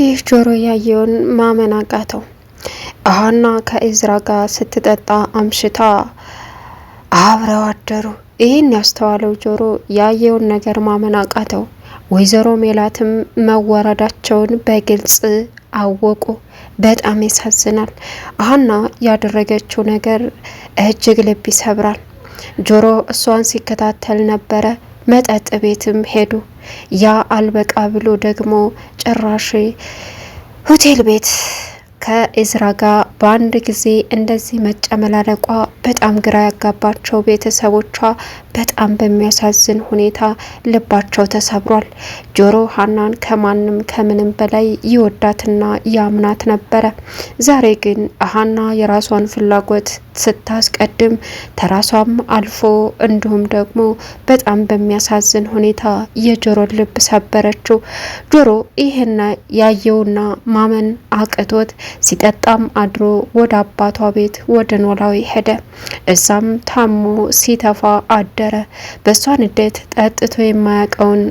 እንግዲህ ጆሮ ያየውን ማመን አቃተው። ሀና ከእዝራ ጋር ስትጠጣ አምሽታ አብረው አደሩ። ይህን ያስተዋለው ጆሮ ያየውን ነገር ማመን አቃተው። ወይዘሮ ሜላትም መወረዳቸውን በግልጽ አወቁ። በጣም ያሳዝናል። ሀና ያደረገችው ነገር እጅግ ልብ ይሰብራል። ጆሮ እሷን ሲከታተል ነበረ። መጠጥ ቤትም ሄዱ። ያ አልበቃ ብሎ ደግሞ ጭራሽ ሆቴል ቤት ከኢዝራ ጋር በአንድ ጊዜ እንደዚህ መጨመላለቋ በጣም ግራ ያጋባቸው ቤተሰቦቿ በጣም በሚያሳዝን ሁኔታ ልባቸው ተሰብሯል። ጆሮ ሀናን ከማንም ከምንም በላይ ይወዳትና ያምናት ነበረ። ዛሬ ግን ሀና የራሷን ፍላጎት ስታስቀድም ተራሷም አልፎ እንዲሁም ደግሞ በጣም በሚያሳዝን ሁኔታ የጆሮን ልብ ሰበረችው። ጆሮ ይሄና ያየውና ማመን አቅቶት ሲጠጣም አድሮ ወደ አባቷ ቤት ወደ ኖላዊ ሄደ። እዛም ታሞ ሲተፋ አደረ። በእሷ ንዴት ጠጥቶ የማያውቀውን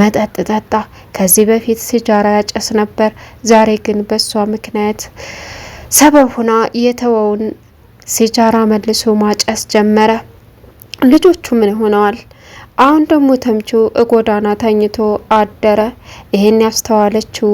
መጠጥ ጠጣ። ከዚህ በፊት ሲጃራ ያጨስ ነበር። ዛሬ ግን በእሷ ምክንያት ሰበብ የተወውን ሲጃራ መልሶ ማጨስ ጀመረ። ልጆቹ ምን ሆነዋል? አሁን ደግሞ ተምቹ እጎዳና ተኝቶ አደረ። ይሄን ያስተዋለችው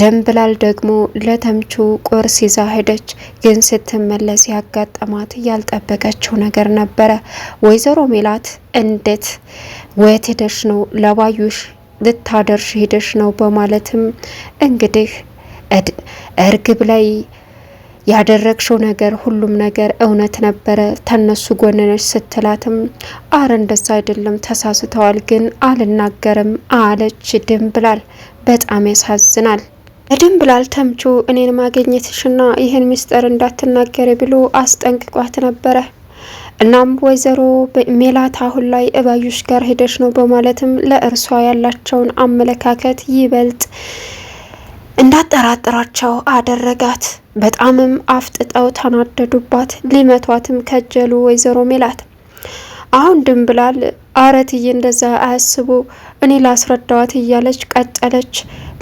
ደንብላል ደግሞ ለተምቹ ቁርስ ይዛ ሄደች። ግን ስትመለስ ያጋጠማት ያልጠበቀችው ነገር ነበረ። ወይዘሮ ሜላት እንዴት ወት ሄደሽ ነው ለባዩሽ ልታደርሽ ሄደሽ ነው በማለትም እንግዲህ እርግብ ላይ ያደረግሽው ነገር ሁሉም ነገር እውነት ነበረ፣ ተነሱ ጎንነሽ ስትላትም አረ እንደዛ አይደለም ተሳስተዋል፣ ግን አልናገርም አለች ብላል። በጣም ያሳዝናል። ብላል ተምቹ እኔን ማግኘትሽና ይህን ምስጢር እንዳትናገር ብሎ አስጠንቅቋት ነበረ። እናም ወይዘሮ ሜላት አሁን ላይ እባዩሽ ጋር ሄደች ነው በማለትም ለእርሷ ያላቸውን አመለካከት ይበልጥ እንዳጠራጥራቸው አደረጋት። በጣምም አፍጥጠው ተናደዱባት። ሊመቷትም ከጀሉ ወይዘሮ ሜላት አሁን ድም ብላል አረትዬ እንደዛ አያስቡ እኔ ላስረዳዋት እያለች ቀጠለች።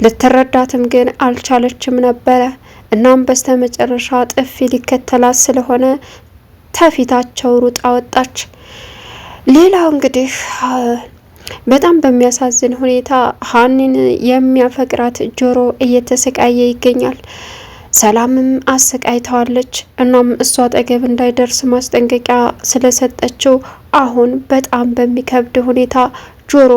ልትረዳትም ግን አልቻለችም ነበረ። እናም በስተ መጨረሻ ጥፊ ሊከተላት ስለሆነ ተፊታቸው ሩጣ ወጣች። ሌላው እንግዲህ በጣም በሚያሳዝን ሁኔታ ሀኒን የሚያፈቅራት ጆሮ እየተሰቃየ ይገኛል። ሰላምም አሰቃይተዋለች። እናም እሷ አጠገብ እንዳይደርስ ማስጠንቀቂያ ስለሰጠችው አሁን በጣም በሚከብድ ሁኔታ ጆሮ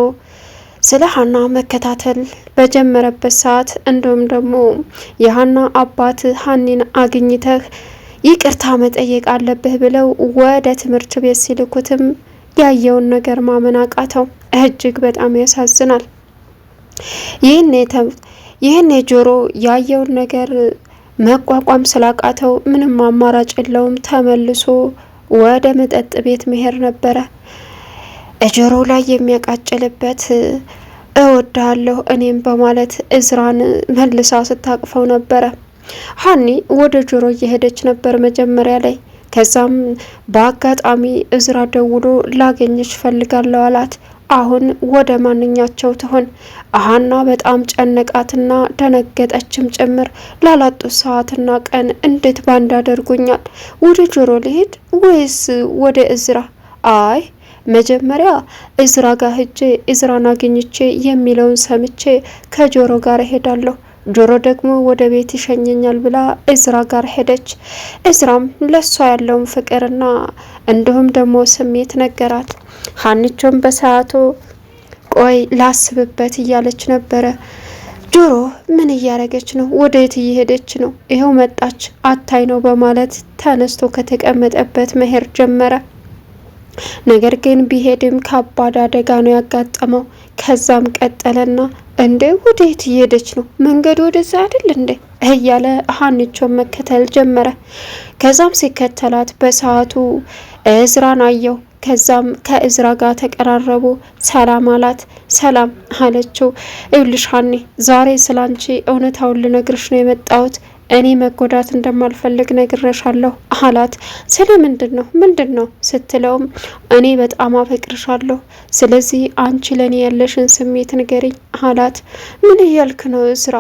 ስለ ሀና መከታተል በጀመረበት ሰዓት እንዲሁም ደግሞ የሀና አባት ሀኒን አግኝተህ ይቅርታ መጠየቅ አለብህ ብለው ወደ ትምህርት ቤት ሲልኩትም ያየውን ነገር ማመን አቃተው። እጅግ በጣም ያሳዝናል። ይህን የጆሮ ያየውን ነገር መቋቋም ስላቃተው ምንም አማራጭ የለውም፣ ተመልሶ ወደ መጠጥ ቤት መሄድ ነበረ። እጆሮ ላይ የሚያቃጭልበት እወዳለሁ እኔም በማለት እዝራን መልሳ ስታቅፈው ነበረ። ሀኒ ወደ ጆሮ እየሄደች ነበር መጀመሪያ ላይ። ከዛም በአጋጣሚ እዝራ ደውሎ ላገኘች ፈልጋለሁ አላት። አሁን ወደ ማንኛቸው ትሆን? አሃና በጣም ጨነቃትና ደነገጠችም ጭምር። ላላጡት ሰዓትና ቀን እንዴት ባንድ አደርጉኛል ወደ ጆሮ ልሄድ ወይስ ወደ እዝራ? አይ መጀመሪያ እዝራ ጋር ሄጄ እዝራን አግኝቼ የሚለውን ሰምቼ ከጆሮ ጋር እሄዳለሁ። ጆሮ ደግሞ ወደ ቤት ይሸኘኛል ብላ እዝራ ጋር ሄደች። እዝራም ለሷ ያለውን ፍቅርና እንዲሁም ደግሞ ስሜት ነገራት። ሀኒቾም በሰዓቱ ቆይ ላስብበት እያለች ነበረ። ጆሮ ምን እያረገች ነው? ወደ የት እየሄደች ነው? ይኸው መጣች፣ አታይ ነው በማለት ተነስቶ ከተቀመጠበት መሄድ ጀመረ። ነገር ግን ቢሄድም ከባድ አደጋ ነው ያጋጠመው። ከዛም ቀጠለና እንዴ ወዴት እየሄደች ነው? መንገዱ ወደዛ አይደል እንዴ እያለ ሀንቾን መከተል ጀመረ። ከዛም ሲከተላት በሰዓቱ እዝራን አየው። ከዛም ከእዝራ ጋር ተቀራረቡ። ሰላም አላት። ሰላም አለችው። ይኸውልሽ ዛሬ ስላንቺ እውነታውን ልነግርሽ ነው የመጣሁት እኔ መጎዳት እንደማልፈልግ ነግረሻለሁ አላት። ስለ ምንድን ነው ምንድን ነው ስትለውም እኔ በጣም አፈቅርሻለሁ፣ ስለዚህ አንቺ ለእኔ ያለሽን ስሜት ንገሪኝ አላት። ምን እያልክ ነው እስራ?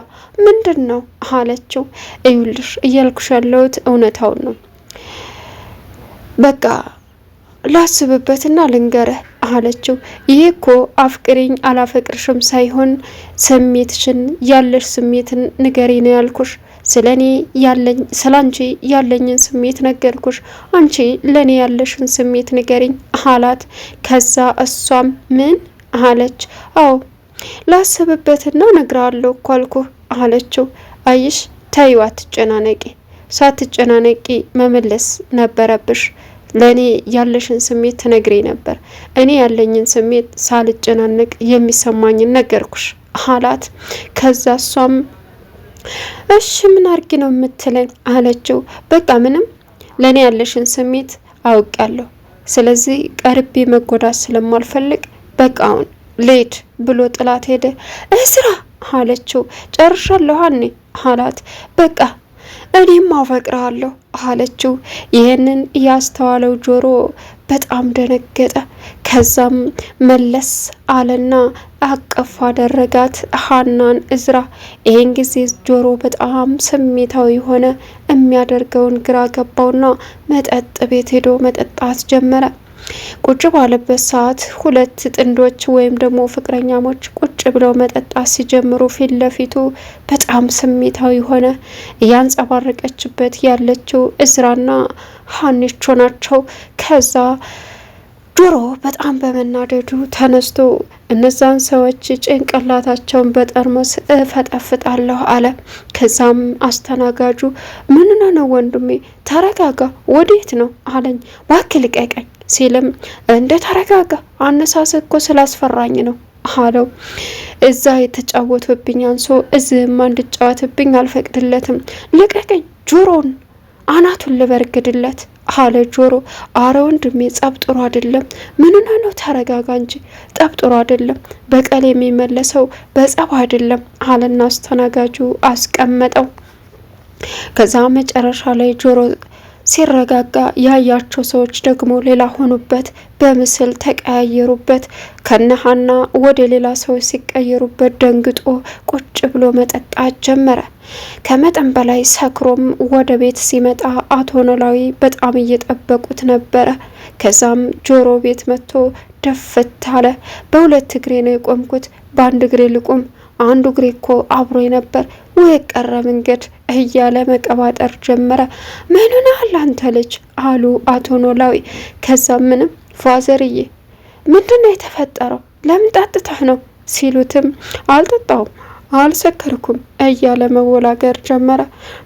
ምንድን ነው አለችው። እዩልሽ እያልኩሽ ያለሁት እውነታውን ነው በቃ ላስብበትና ልንገረህ አለችው። ይህ እኮ አፍቅሪኝ አላፈቅርሽም ሳይሆን ስሜትሽን ያለሽ ስሜትን ንገሪ ነው ያልኩሽ ስለ እኔ ያለኝ ስለ አንቺ ያለኝን ስሜት ነገርኩሽ፣ አንቺ ለእኔ ያለሽን ስሜት ንገሪኝ አላት። ከዛ እሷም ምን አለች? አዎ ላስብበትና ነግረሃለሁ እኮ አልኩህ አለችው። አይሽ ተይው፣ አትጨናነቂ። ሳትጨናነቂ መመለስ ነበረብሽ። ለእኔ ያለሽን ስሜት ትነግሬ ነበር። እኔ ያለኝን ስሜት ሳልጨናነቅ የሚሰማኝን ነገርኩሽ አላት። ከዛ እሷም እሺ ምን አርጊ ነው የምትለኝ አለችው። በቃ ምንም ለእኔ ያለሽን ስሜት አውቃለሁ። ስለዚህ ቀርቤ መጎዳት ስለማልፈልግ በቃ አሁን ልሂድ ብሎ ጥላት ሄደ። እስራ አለችው። ጨርሻለሁ ሀኔ አላት። በቃ እኔም አፈቅርሃለሁ አለችው። ይህንን ያስተዋለው ጆሮ በጣም ደነገጠ። ከዛም መለስ አለና አቀፍ አደረጋት ሀናን እዝራ። ይህን ጊዜ ጆሮ በጣም ስሜታዊ ሆነ። የሚያደርገውን ግራ ገባውና መጠጥ ቤት ሄዶ መጠጣት ጀመረ። ቁጭ ባለበት ሰዓት ሁለት ጥንዶች ወይም ደግሞ ፍቅረኛሞች ቁጭ ብለው መጠጣት ሲጀምሩ ፊት ለፊቱ በጣም ስሜታዊ ሆነ። እያንጸባረቀችበት ያለችው እዝራና ሀኒቾ ናቸው። ከዛ ጆሮ በጣም በመናደዱ ተነስቶ እነዛን ሰዎች ጭንቅላታቸውን በጠርሙስ እፈጠፍጣለሁ አለ። ከዛም አስተናጋጁ ምንነ ነው ወንድሜ፣ ተረጋጋ፣ ወዴት ነው አለኝ። ባክ ልቀቀኝ ሲልም እንደ ተረጋጋ አነሳስ እኮ ስላስፈራኝ ነው አለው። እዛ የተጫወቱብኝ አንሶ እዚህማ እንድጫወትብኝ አልፈቅድለትም። ልቀቀኝ፣ ጆሮን አናቱን ልበርግድለት አለ ጆሮ። አረ ወንድሜ ጸብ ጥሩ አይደለም። ምንና ነው? ተረጋጋ እንጂ ጸብ ጥሩ አይደለም። በቀል የሚመለሰው በጸብ አይደለም አለና አስተናጋጁ አስቀመጠው። ከዛ መጨረሻ ላይ ጆሮ ሲረጋጋ ያያቸው ሰዎች ደግሞ ሌላ ሆኑበት፣ በምስል ተቀያየሩበት። ከነሃና ወደ ሌላ ሰዎች ሲቀየሩበት ደንግጦ ቁጭ ብሎ መጠጣት ጀመረ። ከመጠን በላይ ሰክሮም ወደ ቤት ሲመጣ አቶ ኖላዊ በጣም እየጠበቁት ነበረ። ከዛም ጆሮ ቤት መጥቶ ደፍት አለ። በሁለት እግሬ ነው የቆምኩት፣ በአንድ እግሬ ልቁም፣ አንዱ እግሬ እኮ አብሮኝ ነበር ወይ ቀረ መንገድ እያለ መቀባጠር ጀመረ። ምንናል አንተ ልጅ አሉ አቶ ኖላዊ። ከዛ ምንም ፋዘርዬ፣ ምንድን ነው የተፈጠረው? ለምን ጠጥተህ ነው ሲሉትም አልጠጣውም አልሰከርኩም እያለ መወላገር ጀመረ።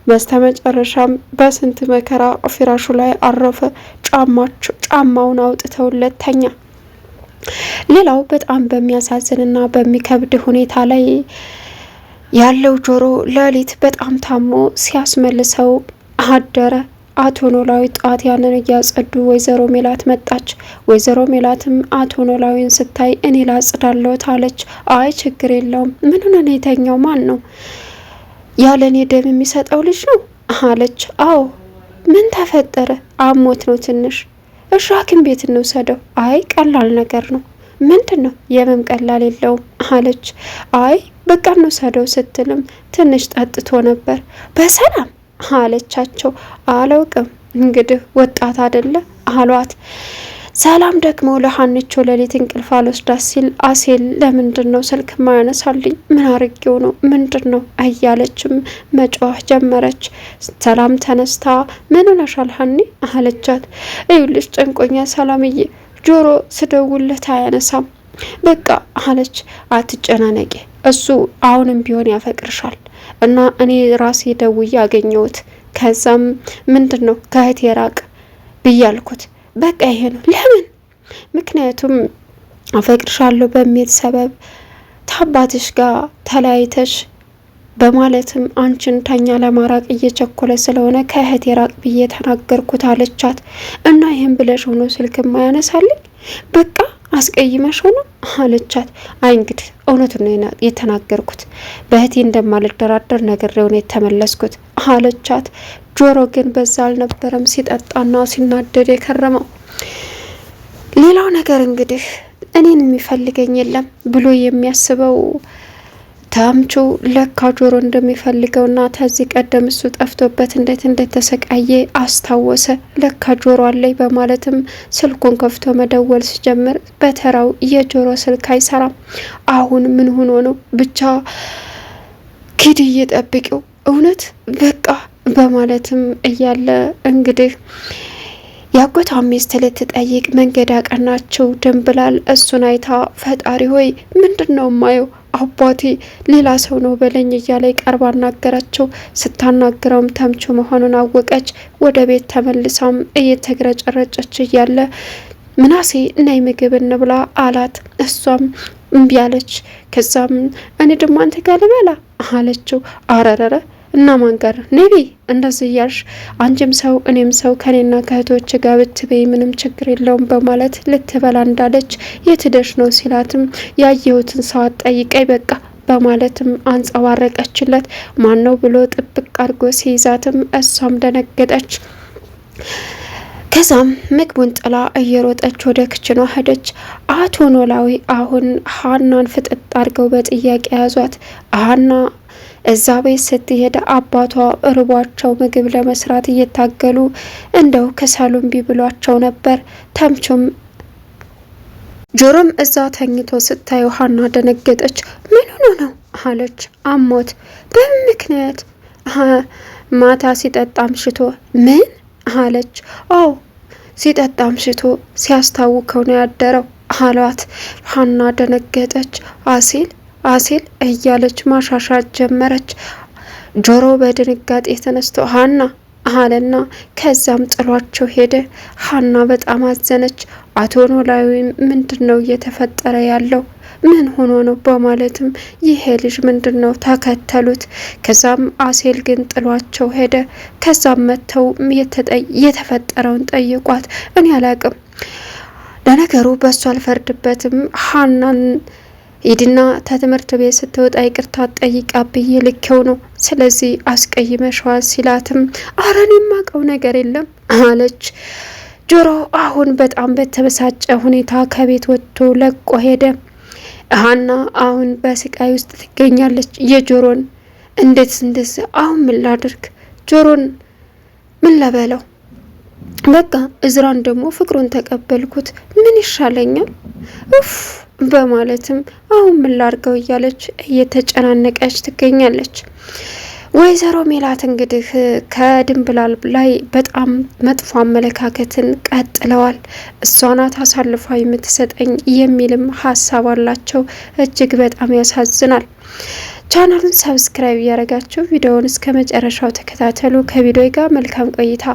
በስተመጨረሻም በስንት መከራ ፍራሹ ላይ አረፈ። ጫማውን አውጥተውለት ተኛ። ሌላው በጣም በሚያሳዝንና በሚከብድ ሁኔታ ላይ ያለው ጆሮ ሌሊት በጣም ታሞ ሲያስመልሰው አደረ። አቶ ኖላዊ ጣት ያንን እያጸዱ ወይዘሮ ሜላት መጣች። ወይዘሮ ሜላትም አቶ ኖላዊን ስታይ እኔ ላጽዳለሁት አለች። አይ ችግር የለውም ምን የተኛው ማን ነው ያለ እኔ ደም የሚሰጠው ልጅ ነው አለች። አዎ ምን ተፈጠረ? አሞት ነው ትንሽ። እሺ ሐኪም ቤት እንውሰደው። አይ ቀላል ነገር ነው። ምንድን ነው? የመም ቀላል የለውም አለች። አይ በቃ እንውሰደው ስትልም ትንሽ ጠጥቶ ነበር። በሰላም አለቻቸው። አላውቅም እንግዲህ ወጣት አደለ አሏት። ሰላም ደግሞ ለሀንቾ ለሌት እንቅልፍ አልወስዳት ሲል አሴል ለምንድን ነው ስልክ ማያነሳልኝ? ምን አርጌው ነው ምንድን ነው እያለችም መጫወት ጀመረች። ሰላም ተነስታ ምን ሆነሻል ሀኒ አለቻት። እዩልሽ ጨንቆኛ ሰላምዬ፣ ጆሮ ስደውለት አያነሳም በቃ አለች። አትጨናነቂ እሱ አሁንም ቢሆን ያፈቅርሻል እና እኔ ራሴ ደውዬ አገኘሁት። ከዛም ምንድን ነው ከእህቴ የራቅ ብያልኩት። በቃ ይሄ ነው። ለምን? ምክንያቱም አፈቅርሻለሁ በሚል ሰበብ ታባትሽ ጋር ተለያይተሽ በማለትም አንቺን ተኛ ለማራቅ እየቸኮለ ስለሆነ ከእህት ራቅ ብዬ ተናገርኩት አለቻት። እና ይህም ብለሽ ሆኖ ስልክ ማያነሳልኝ በቃ አስቀይመሽ ሆነ አለቻት። አይ እንግዲህ እውነቱን ነው የተናገርኩት፣ በእህቴ እንደማልደራደር ነግሬው ነው የተመለስኩት አለቻት። ጆሮ ግን በዛ አልነበረም ሲጠጣና ሲናደድ የከረመው። ሌላው ነገር እንግዲህ እኔን የሚፈልገኝ የለም ብሎ የሚያስበው ታምቹ ለካ ጆሮ እንደሚፈልገውና ከዚህ ቀደም እሱ ጠፍቶበት እንዴት እንደተሰቃየ አስታወሰ። ለካ ጆሮ አለኝ በማለትም ስልኩን ከፍቶ መደወል ሲጀምር በተራው የጆሮ ስልክ አይሰራም። አሁን ምን ሆኖ ነው? ብቻ ኪድ ጠብቂው፣ እውነት በቃ በማለትም እያለ እንግዲህ የአጎቷ ሚስት ልትጠይቅ መንገድ ያቀናቸው ድንብላል እሱን አይታ ፈጣሪ ሆይ ምንድን ነው ማየው አባቴ ሌላ ሰው ነው በለኝ እያለ ቀርባ አናገራቸው። ስታናግረውም ተምቹ መሆኑን አወቀች። ወደ ቤት ተመልሰውም እየተግረጨረጨች እያለ ምናሴ ነይ ምግብ እንብላ አላት። እሷም እምቢ አለች። ከዛም እኔ ድማ አንተ ጋር ልበላ አለችው። አረረረ እና ማን ቀር ኔቢ እንደዚህ እያልሽ አንቺም ሰው እኔም ሰው ከኔና ከእህቶች ጋር ብትበይ ምንም ችግር የለውም በማለት ልትበላ እንዳለች የትደሽ ነው ሲላትም ያየሁትን ሰው አጠይቀኝ በቃ በማለትም አንጸባረቀችለት። ማን ነው ብሎ ጥብቅ አድርጎ ሲይዛትም እሷም ደነገጠች። ከዛም ምግቡን ጥላ እየሮጠች ወደ ክችኗ ሄደች። አቶ ኖላዊ አሁን ሀናን ፍጥጥ አድርገው በጥያቄ ያዟት ሀና እዛ ቤት ስትሄድ አባቷ እርቧቸው ምግብ ለመስራት እየታገሉ እንደው ከሳሎን ቢብሏቸው ነበር። ተምቹም ጆሮም እዛ ተኝቶ ስታይ ውሃና ደነገጠች። ምን ሆኖ ነው አለች። አሞት በምን ምክንያት? ማታ ሲጠጣ አምሽቶ ምን አለች። አዎ ሲጠጣ አምሽቶ ሲያስታውከው ነው ያደረው አሏት። ሀና ደነገጠች። አሲል አሲል እያለች ማሻሻት ጀመረች። ጆሮ በድንጋጤ ተነስቶ ሀና አለና ከዛም ጥሏቸው ሄደ። ሀና በጣም አዘነች። አቶ ኖላዊ ምንድን ነው እየተፈጠረ ያለው ምን ሆኖ ነው በማለትም ይሄ ልጅ ምንድን ነው ተከተሉት። ከዛም አሴል ግን ጥሏቸው ሄደ። ከዛም መጥተው የተፈጠረውን ጠይቋት እኔ አላቅም። ለነገሩ በሱ አልፈርድበትም ሀናን ሂድና ተትምህርት ቤት ስትወጣ ይቅርታ ጠይቃ ብዬ ልኬው ነው። ስለዚህ አስቀይመሸዋል ሲላትም አረን እኔ የማውቀው ነገር የለም አለች። ጆሮ አሁን በጣም በተበሳጨ ሁኔታ ከቤት ወጥቶ ለቆ ሄደ። ሀና አሁን በስቃይ ውስጥ ትገኛለች። የጆሮን እንዴት እንደዚ አሁን ምን ላድርግ? ጆሮን ምን ለበለው? በቃ እዝራን ደግሞ ፍቅሩን ተቀበልኩት። ምን ይሻለኛል? ኡፍ በማለትም አሁን ምን ላርገው እያለች እየተጨናነቀች ትገኛለች። ወይዘሮ ሜላት እንግዲህ ከድንብላል ላይ በጣም መጥፎ አመለካከትን ቀጥለዋል። እሷ ናት አሳልፋ የምትሰጠኝ የሚልም ሀሳብ አላቸው። እጅግ በጣም ያሳዝናል። ቻናሉን ሰብስክራይብ እያደረጋችሁ ቪዲዮውን እስከ መጨረሻው ተከታተሉ። ከቪዲዮ ጋር መልካም ቆይታ